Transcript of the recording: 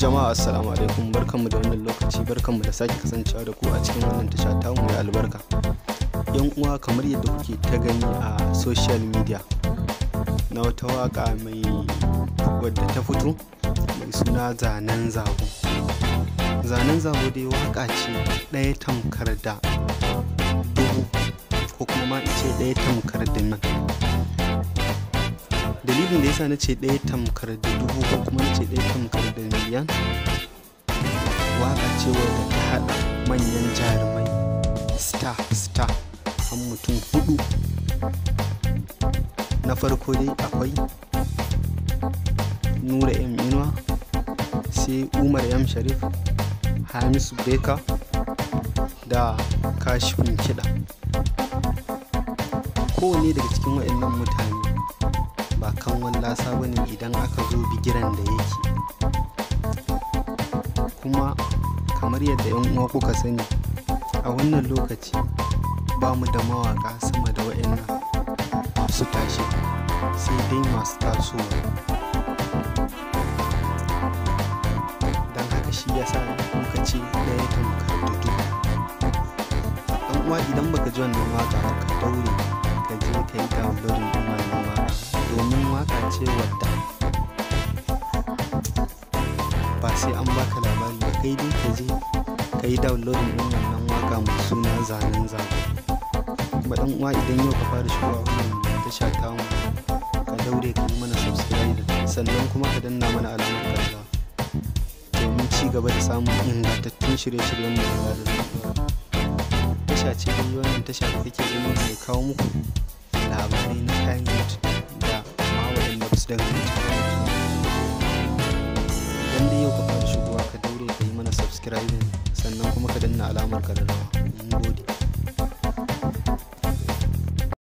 jama'a assalamu alaikum barkanmu da wannan lokaci mu da sake kasancewa da ku a cikin wannan tasha mu ya albarka yan uwa kamar yadda kuke ta gani a social media na wata waka mai wadda ta fito mai suna zanen zago zanen zabo dai waka ce ɗaya tamkar da dubu ko kuma ma ce ɗaya tamkar da nan dalilin da ya sa na ce ɗaya tamkar da dubu ko kuma na ce ɗaya tamkar da miliyan waka ce wadda ta haɗa manyan jarumai star star an mutum hudu na farko dai akwai nura 'yan inuwa sai umar yan sharif hamisu beka da kashifin kiɗa kowane daga cikin waɗannan mutane gasa ba idan aka zo bigiran da yake kuma kamar yadda 'yan uwa kuka sani a wannan lokaci ba mu da mawaka sama da wa'annan su tashi sai dai masu tasowa don haka shi ya sa kuka ce ya tamkar da dubu ɗan uwa idan baka ji wannan waka ka daure ka je ka yi ce wadda ba sai an baka labari ba kai dai ka je ka yi downloading ɗin wannan waka mai suna zanen zane ba dan uwa idan yau ka fara shigowa wannan ta shata mu ka daure ka mana subscribe sannan kuma ka danna mana alamar kaza domin ci gaba da samun ingantattun shirye-shiryen mu da tasha ce dai wannan tasha da kake zama mai kawo muku labarai na kayan su daga yau ka fara shigowa ka daure ka yi mana subscribing sannan kuma ka danna alamar karar